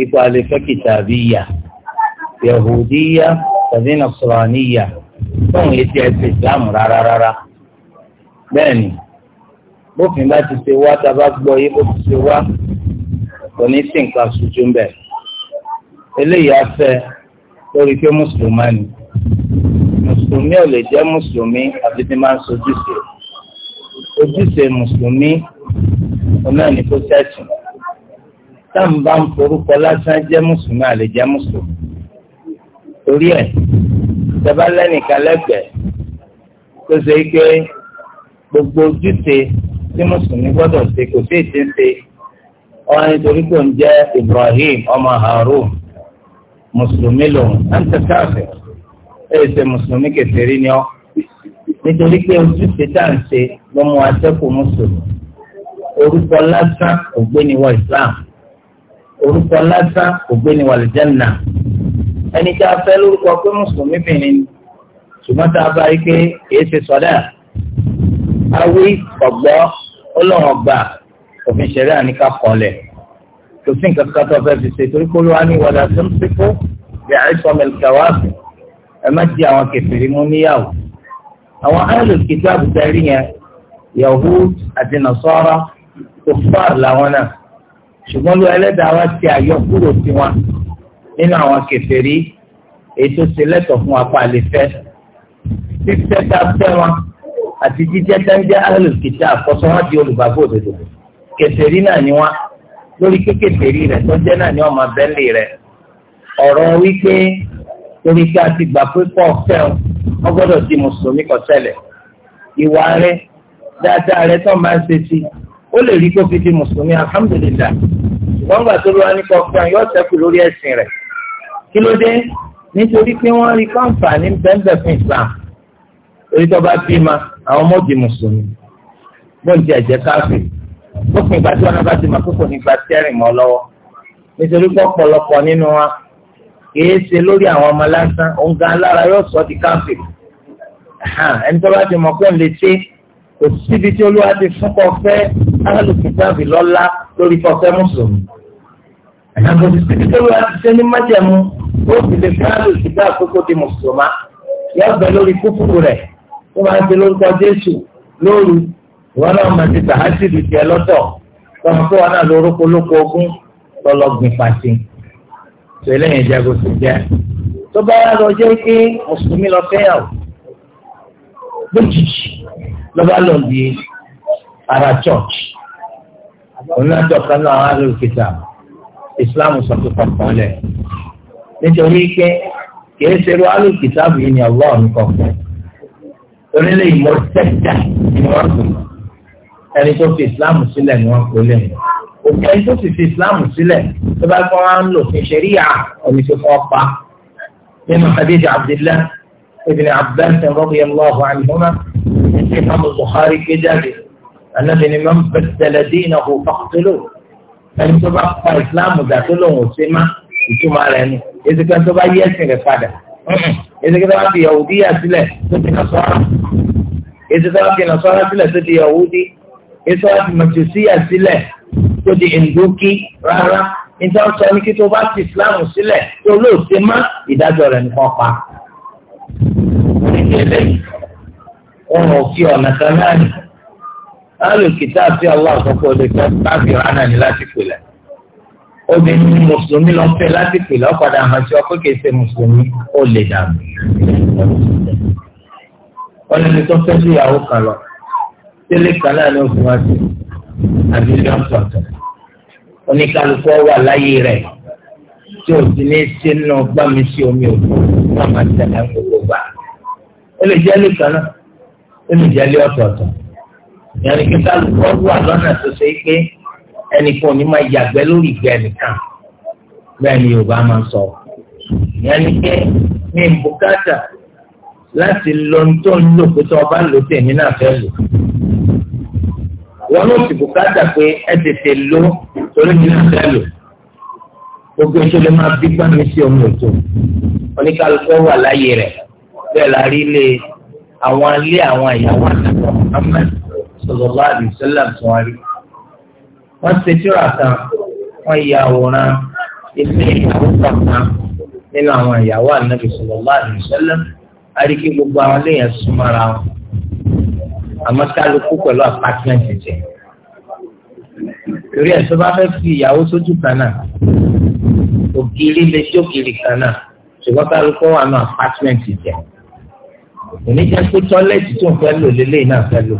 ipò àlefẹ́ kìtàbíyà yahudiya tàbí nasraniya fóun yìí ti ẹsẹ̀ islam rárá rárá bẹ́ẹ̀ni bófin bá ti ṣe wá tá a bá gbọ́ yìí bó ti ṣe wá kò ní sí nǹkan ṣojú ń bẹ eléyìí afẹ́ lórí pé mùsùlùmá ni mùsùlùmí ò lè jẹ́ mùsùlùmí àfi tí máa ń ṣojúṣe ojúṣe mùsùlùmí ọ̀nà ní kó ṣẹ̀sìn táǹbà ń forúkọ lásán jẹ́ mùsùlùmí àlè jẹ́ mùsùlùmí torí ẹ̀ tẹ́bá lẹ́nìkan lẹ́gbẹ̀ẹ́ tó ṣe é pé gbogbo ojúṣe tí mùsùlùmí gbọ́dọ̀ ṣe kò sí ìdí ṣe ọ̀hún nítorí pé òun jẹ́ Ibrahim ọmọ Harun mùsùlùmí lòun àǹtí káfẹ́ ẹ̀ ṣe mùsùlùmí kẹsìrì ni ọ́ nítorí pé ojúṣe tá à ń ṣe ló mú atẹ́kù mùsùlùmí orúkọ lásán ògbéniwọ̀ Islam orúkọ lásán kò gbé ní wàlìjánà ẹni tí a fẹ́ lórúkọ pé mùsùlùmí bìnrin ṣùgbọ́n tá a bá rí pé kìí ṣe sọ́dà awí ọ̀gbọ́ ọlọ́run ọgbà òfin ṣẹ̀rí àníkà kọlẹ̀ kò sí nǹkan kan tó fẹ́ fi ṣe torí kó ló wá ní wàlá tó ń síkú bí àìsàn mẹlẹkàwáàbù ẹ má di àwọn kẹfìrí mú níyàwó àwọn ahlul kitab àbùtà rí yẹn yahud àti nasara kò fáàrù làwọn náà ṣùgbọ́n ló ẹlẹ́dàá wa ti àyọkúrò tiwọn nínú àwọn kèfèrí ètò ìṣẹlẹ̀tọ̀ fún apá àlefẹ́ fífẹ́ tá a fẹ́ wọn àti jíjẹ́ dáńjẹ́ alùpùpù àkọ́sọ́ wọn di olùgbàgbọ́ òdodo kèfèrí náà ni wọn lórí kékèfèrí rẹ tọ́jẹ́ náà ni wọn máa bẹ́ẹ̀lì rẹ ọ̀rọ̀ wípé lórí pé a ti gbà pé pọ̀ fẹ́ o wọ́n gbọ́dọ̀ di mùsùlùmí kọ́ tẹ́lẹ̀ ìwà rẹ dáadáa rẹ tó máa ń ṣe sí i ó lè rí kó fi di mùsùlùmí alhamdulilah ṣùgbọ́n gbà tó lọ́wọ́ nípa ọkùnrin yóò ṣẹ́kù lórí ẹ̀sìn rẹ̀ kí ló dé nítorí pé wọ́n rí káǹfààní bẹ́ẹ̀ fún islam torí tó bá bímọ àwọn ọmọ di mùsùlùmí bóńtì ẹ̀jẹ̀ káfíìn lópin ìgbà tí wọn bá ti máa kókò nípa tẹ́rìn mọ́ lọ́wọ́ nítorí pé ọ̀pọ̀lọpọ̀ nínú wa kìí ṣe lórí àwọn ọmọ lásán òun alára yóò sọ di káfíìn ẹni tó bá ti mọ̀ pé òun lè ṣe é kò síbi tí olúwa ti fún kọfẹ́ alùpùpù lọ́lá lórí kọfẹ́ mùsùlùmí. àyàfó ti síbi tí olúwa ti ṣe ní májẹ̀mú ó sì lè fún alùpùpù àkókò ti mùsùlùmá yóò bẹ lórí kúkúrú rẹ̀ tó máa ń ṣe lórúkọ jésù lóru ìwọ náà máa ti sàásì lù tiẹ̀ lọ́tọ̀ tọmọ tó wà náà lórúkọ olóko ogún lọlọgbìn pàṣẹ tó eléyìí jẹ kó sì jẹ tó bá wà lọ jẹ pé mùsùlùmí lọ fẹ́yàwó lójijì lọ́ba lọ di ara church onádọ̀kan náà àrùn kìtà islam sọ pé kọ̀ọ̀kan lẹ̀ nítorí pé kìí ṣerú àrùn kìtà yìí ni allah nìkan fún onílé ìmọ̀ sẹ́tà ni wọ́n pè ẹni tó fi islam sílẹ̀ ni wọ́n pè lẹ́yìn òkè ẹni tó sì fi islam sílẹ̀ tó bá gbọ́n wá ń lò fún ṣẹ̀ríyà omi tó fọ́ pa nínú hadith abdillah ibn abbas radiyallahu anhuma imam bukhari gbé jáde anabi ni imam bẹsẹlẹ dín náà kò fàkùtìlò ẹni tó bá pa ìsìláàmù dà tó lòun ò sí má ìtumọ̀ rẹ̀ ni ezeke tó bá yí ẹ̀sìn rẹ̀ padà ezeke tó bá fi yahudi yà sílẹ̀ tó ti nà sọ́ra ezeke tó bá fi nà sọ́ra sílẹ̀ tó ti yahudi ezeke tó bá fi màtúsí yà tó di ndókì rárá níta sọ ní kí tó bá fi ìsìláàmù sílẹ̀ tó lóò sí má ìdájọ́ rẹ̀ nìkan pa. òun ò fi ọ̀nà kan náà nì alòkìtà àti Allah àkọ́kọ́ lè fẹ́ káfí ránà ní láti pèlẹ̀ obìnrin mùsùlùmí lọ fẹ́ láti pèlẹ̀ ọ̀padà àwọn tí ọkọ̀ kìí ṣe mùsùlùmí ó lè wọ́n ní tó fẹ́ sí ìyàwó kan lọ tẹ́lẹ̀ kan náà ní wà láyé rẹ̀ tí o ní sínú gbàmísí omi òkú wọn máa tẹ̀lé gbogbo gbà ó lè ó lè ọ̀tọ̀ọ̀tọ̀ ìyẹn ni kíkà lọ́ wà lọ́nà tó ṣe é pé ẹnìkan ò ní máa yàgbẹ́ lórí ìgbẹ́ nìkan bẹ́ẹ̀ ni Yorùbá máa sọ ìyẹn ni pé mi ń bùkátà láti lọ tó ń lò pé tó ọba lò tèmi náà fẹ́ lò wọn ló sì bùkátà pé ẹ tètè lò torí mi náà fẹ́ lò gbogbo ìṣẹ̀lẹ̀ máa bí gbàmí sí omi òtò oníkálukú wà láyé rẹ̀ bẹ́ẹ̀ la rí lé e àwọn alẹ́ àwọn ìyàwó àtàwọn Muhammad sọlọ́lá àdìsẹ́là tó wá rí. wọ́n ṣe tíra kan wọ́n ya àwòrán ilé ìyàwó kọ̀ọ̀kan nínú àwọn ìyàwó ànábì sọlọ́lá àdìsẹ́là àríkí gbogbo àwọn léèyàn súnmọ́ra wọn àmọ́ kálukú pẹ̀lú àpátímẹ́ǹtì jẹ. torí ẹ̀ tó bá fẹ́ fi ìyàwó sójú kan náà ògiri lè jókiri kan náà ṣùgbọ́n kálukú wà ní àpátímẹ́ǹtì jẹ oníjẹ́ pé tọ́lẹ́tì tó ń fẹ́ lò lélẹ́yìn náà fẹ́ lò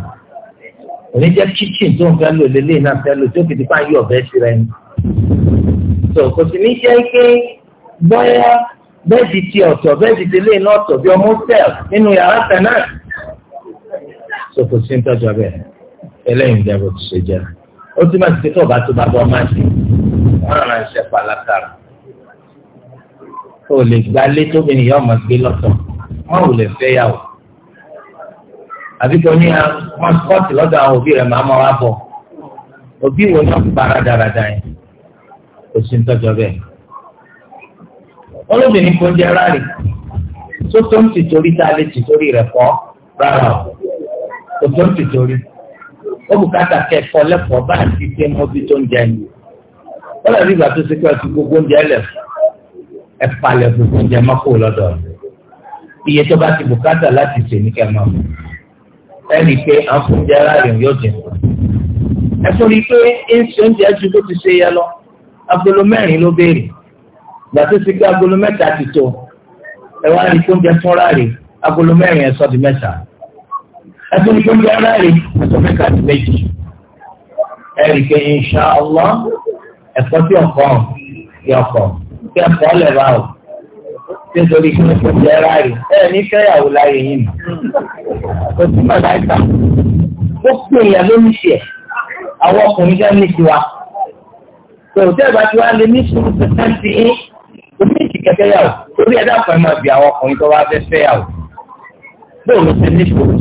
oníjẹ́ kíchìn tó ń fẹ́ lò lélẹ́yìn náà fẹ́ lò tó kìí fà yí ọ̀bẹ sí rẹ ni. tó kò sì ní jẹ́ pé bọ́yá bẹ́ẹ̀dì ti ọ̀tọ̀ bẹ́ẹ̀dì ti lé náà ọ̀tọ̀ bí ọmọ sẹ́ẹ̀l nínú yàrá kan náà. tó kò sí ń tọ́jú ọbẹ̀ ẹlẹ́yìn ìjẹ́bù tó ṣe jẹ́ ó túmọ̀ sí pé tó bá tó bá bọ́ máa ṣe wọ́n rà ń ṣe wọn ò lè fẹ́ yà wò àbí kò ní ah, pásítọ̀tì lọ́dọ̀ àwọn òbí rẹ̀ màmá wa bọ̀ òbí wo ni wọ́n para dáradára yẹn kò sí ń olóbìnrin kò jẹ́ ń tá a lè o kò tó ń tìtorí ó bùkátà kẹ́kọ̀ọ́ lẹ́kọ̀ọ́ bá a ti tó ń jẹ lè rí ìgbà tó ṣe gbogbo oúnjẹ gbogbo oúnjẹ iye tó bá ti bùkátà láti ṣe ní kẹmọ ẹnì pé àfúnjẹ aráàlú yóò dín kù ẹ tó rí i pé ẹnṣẹ oúnjẹ ju bó ti ṣe yẹ lọ agolo mẹ́rin ló béèrè gbàtó sí pé agolo mẹ́ta ti tó ẹ wá rí i pé oúnjẹ fúnra rẹ̀ agolo mẹ́rin ẹ sọ di mẹ́ta ẹ tó rí i pé oúnjẹ aráàlú ẹ sọ mẹ́ta di méjì ẹ rí i pé inṣàlá ẹ̀kọ́ tí ọkọ yọkọ kí ẹ̀kọ́ lè ra o nítorí kí wọ́n tẹ̀lé ẹ̀rá rẹ̀ ẹ̀ ní fẹ́yàwó láyé yìí nù. kò sí màláìka ó pè èèyàn ló ní tiẹ̀ àwọn ọkùnrin jẹ́ ní tiwa. tòótọ́ ìgbà tí wàá lè ní sùúrù pẹ̀sẹ̀ sí i omi ìkìkẹ́ fẹ́yàwó torí ẹ̀dá kan máa bí àwọn ọkùnrin tó wá fẹ́ fẹ́yàwó. bóòlù ti ní sùúrù.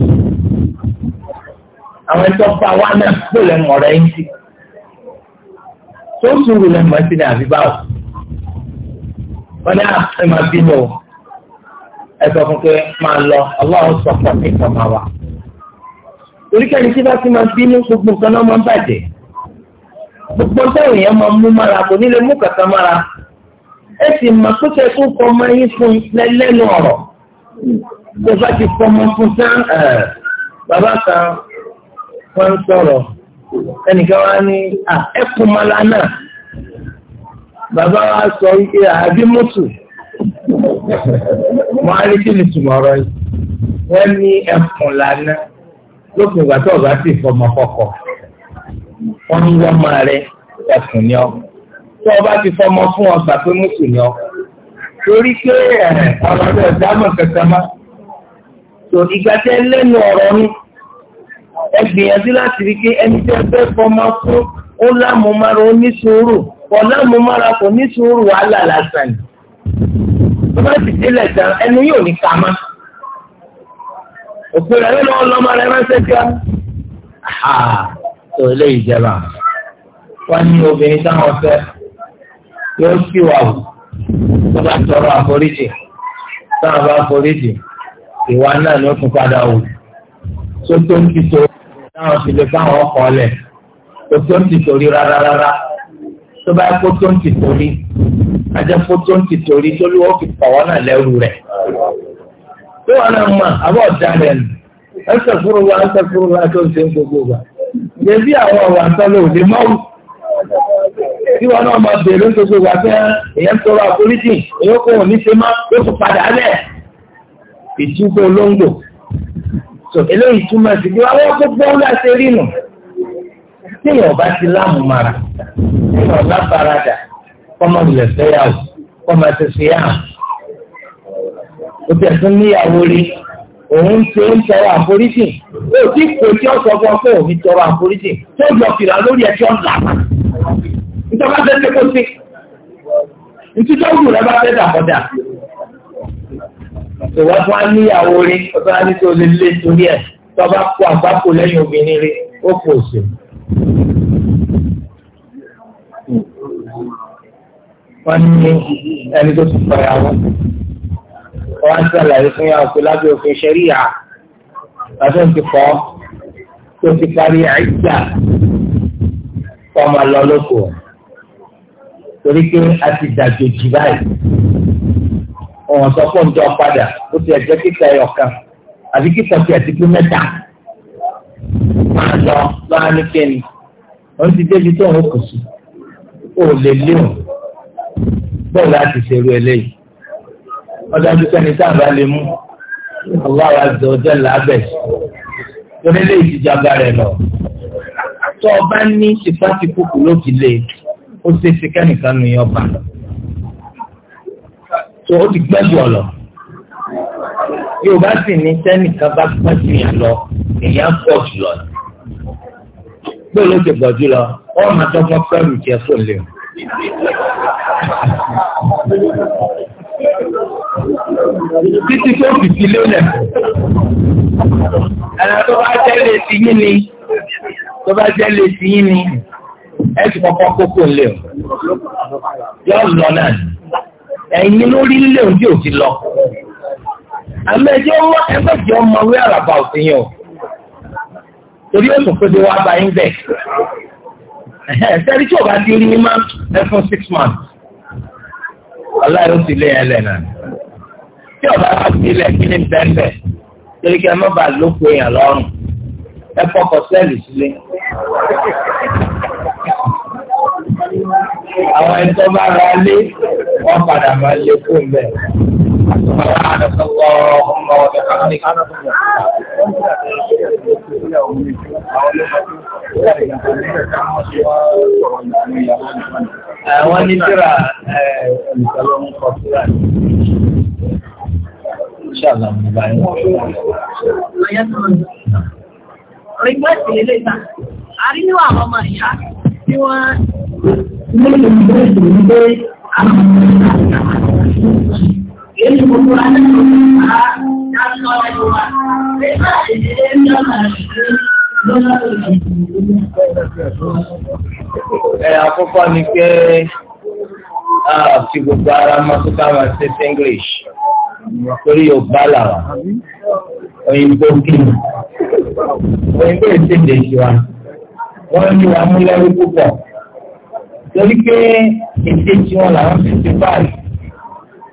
àwọn ẹ̀tọ́ bá wa náà bóòlù ẹ̀ mọ̀ọ́rẹ́ yín sí. tó sùúrù lẹ́ wọ́n ní ah, ẹ máa bínú o ẹ sọ fún pé máa lọ ọlọ́run sọ pọ̀ ní ìfọ̀mà wa. torí kẹ́ni tí bá ti máa bínú gbogbo nǹkan náà máa ń bàjẹ́ gbogbo táwọn èèyàn máa mú mára kò ní lè mú kàkà mára ẹ sì máa tó tẹ kó kọ ọmọ yín fún lẹ́lẹ́nu ọ̀rọ̀ tó bá ti kọ ọmọ fún tán bàbá kan wọ́n ń sọ̀rọ̀ ẹnìkan wá ní ah, ẹkùn mọ́lá náà bàbá wa sọ wípé àbí mùtù wọn á rí kí ni tùmọ̀rọ̀ yìí wọ́n ní ẹkùn lánàá lópin ìgbà tó ọba sì fọmọ kọkọ wọ́n ní wọ́n máa rẹ ẹkùn ni ọ tó ọba ti fọmọ fún ọgbà pé mùtù ni ọ torí pé ọ̀rọ̀ rẹ̀ dámọ̀ kankan má tó ìgbà tẹ lẹ́nu ọ̀rọ̀ mi ẹ gbìyànjú láti rí i pé ẹni tẹ́ fẹ́ fọmọ fún ó lámùmárò ó ní sùúrù ọ̀nà àmúmára kò ní sùúrù wàhálà lásán yìí tó bá ti délẹ̀ tán ẹnu yóò ní kàmá òpin rẹ̀ lọ́wọ́ lọ́mọ rẹ̀ ránṣẹ́ sí wa tó ilé ìjẹba wọn ní obìnrin táwọn fẹ́ yóò sì wà wù tó bá tọrọ àforíjì táwọn bá foríjì ìwà náà ló tún padà wù tó tó ń ti tó táwọn fi lè fáwọn ọkọ lẹ tó tó ń ti torí rárá rárá tó bá kó tó ń ti torí ajẹ́ kó tó ń ti torí tó lówó fi pọ̀ wọ́n náà lẹ́rù rẹ̀. tó wọn náà mọ àbọ̀ ọ̀daràn ẹsẹ̀ fúru wa ẹsẹ̀ fúru wa tó ń ṣe ń gbogbo wa. yẹbi àwọn ọ̀rọ̀ àtọ́lẹ̀ òde mọ́wù. tí wọn náà máa bèèrè ń gbogbo wa fẹ́ èyàn tọrọ àforíjì èyàn kò ní ṣe má yóò tún padà lẹ̀. ìtúgbò olóńgbò. eléyìí túmọ̀ sí pé àwọn gbogbo ńlá ṣe rí nù téèyàn bá ti láàmú mara téèyàn bá farada kọ́mọ lè fẹ́yàwó kọ́mọ ti fi hàn. Òtẹ̀ tún níyàwó rí òun ṣe ń tọrọ àforíjì yóò tí kò tí ó sọ fún ọ pé òun tọrọ àforíjì tó yọ fìlà lórí ẹjọ́ ńlá. Ìjọba fẹ́ ṣe kó sí. Ìtújọ́ òwú rẹ bá fẹ́ dàbọ̀dà. Ìwọ́n tún á níyàwó rí ọ̀tún á ní tó lè lé torí ẹ̀ tó bá kó àgbákò lẹ́yìn obìnrin rí ó kò sí wọ́n ní ẹni tó ti fọyàwó wọ́n á sàlàyé fún yàwó pé lábẹ́ òfin ṣẹ́ríyà lásán ti fọ́ tó ti parí àìjà kọ́ máa lọ lóko torí pé a ti dàjòjì báyìí ọ̀hún sọ fún ọjọ́ padà ó ti ẹ̀jẹ̀ kíkà ẹ̀yọ̀ kan àbí kíkà ti ẹ̀sìn pé mẹ́ta máa lọ lọ́wọ́ nìkẹ́ni wọ́n ti débi tó ń kù sí ó lè léwọ̀n bẹ́ẹ̀ láti ṣerú eléyìí ọ̀dájú sẹ́ni tá a bá lè mú Allahu azza wa jalla lábẹ́ torí lè ti jágbá rẹ̀ lọ. tó o bá ní sípàtì kúkú ló fi lè ó ṣe ṣe kẹ́nìkan nu tó o ti gbẹ́jọ lọ yóò bá sì ní sẹ́nìkan bá pẹ́ sí yàn lọ èèyàn pọ̀ jùlọ ni pé ló ti pọ̀ jùlọ wọ́n máa tọ́gbọ́n pẹ́rù jẹ fún lè o. títí tó fi fi lélẹ̀ ẹ̀rọ tó bá jẹ́ lè ti yín ni tó bá jẹ́ lè ti yín ni ẹ ti kọ́kọ́ kókó lè o yọ lọ náà ni ẹ̀yin lórí lè o bí o ti lọ àmọ́ ẹjọ́ ẹgbẹ́ jẹ́ ọmọ wíwà làbà òsì yẹn o torí ó sọ pé bí wọ́n á bá yín bẹ̀. sẹ́ni tí o bá ti ní má ẹ fún six months ọláyọ̀ ti lé ẹ lẹ̀ náà tí o bá bá ti lẹ̀ kí ni bẹ́ẹ̀ torí kí ẹ má bàa lóko èèyàn lọ́rùn ẹ fọkọ̀ sẹ́ẹ̀lì sílé. àwọn ẹni tó bá ra lé wọ́n padà máa lé fún bẹ́ẹ̀. سبحانك اللهم وبحمدك Àwọn nítorá ìṣẹ̀lẹ̀ ń kọ síra ní ṣàlà ọ̀nà Rìgbẹ́sì lè ta, a rí níwà àwọn ọmọ ìyá tí wọ́n ní ìgbẹ́sì ní pé àwọn ọmọ ìyá. Èyí ni gbogbo anáà Ẹ àkọ́kọ́ ni pé àti gbogbo ara máa tó ká máa ṣe English torí Yorùbá làwà òyìnbó kìnnì òyìnbó ìṣèdè ìṣúra wọ́n ní wàá mú lẹ́rú púpọ̀ torí pé èdè tí wọ́n làwọn fi ṣe báyìí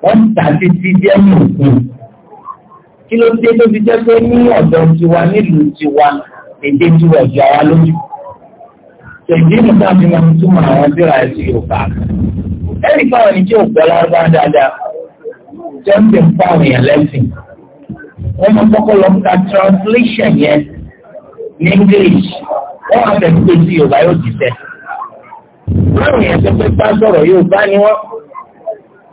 wọ́n tà sí ti díẹ̀ ní òkun kí ló dé tó fi jẹ́ pé ní ọ̀dọ̀ tiwa nílùú tiwa èdè tiwa ọ̀jọ̀ àwa lójú. Ṣèjì nìkan fi máa ń túmọ̀ àwọn bíra ẹ̀sìn Yorùbá. Ẹ̀rí fáwọn ẹni tí ò gbọ́ lárúbá dáadáa tí wọ́n ti ń fún àwọn èèyàn lẹ́sìn. Wọ́n máa kọ́kọ́ lọ ka translation yẹn ní English. Wọ́n máa fẹ́ pé sí Yorùbá yóò dìtẹ̀. Báwo yẹn pé pé bá sọ̀rọ̀ Yorùbá ni wọ́n.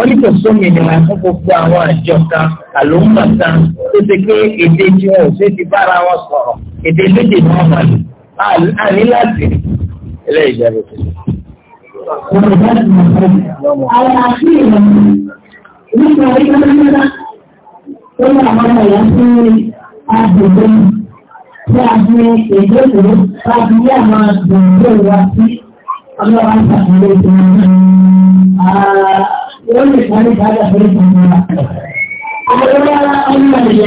wọ́n ní kò sómi ìnira fún gbogbo àwọn àjọ kan àlòmọ̀ tó ṣe pé èdè tí wọn ò ṣe ti bára wọn sọ̀rọ̀ èdè méjì ni wọ́n mọ̀ lò àní láti ilé ìjẹ́bù tó. Àwọn a fi wọ́n lè sáré dáadáa fún ìgbà náà. Àwọn ọmọ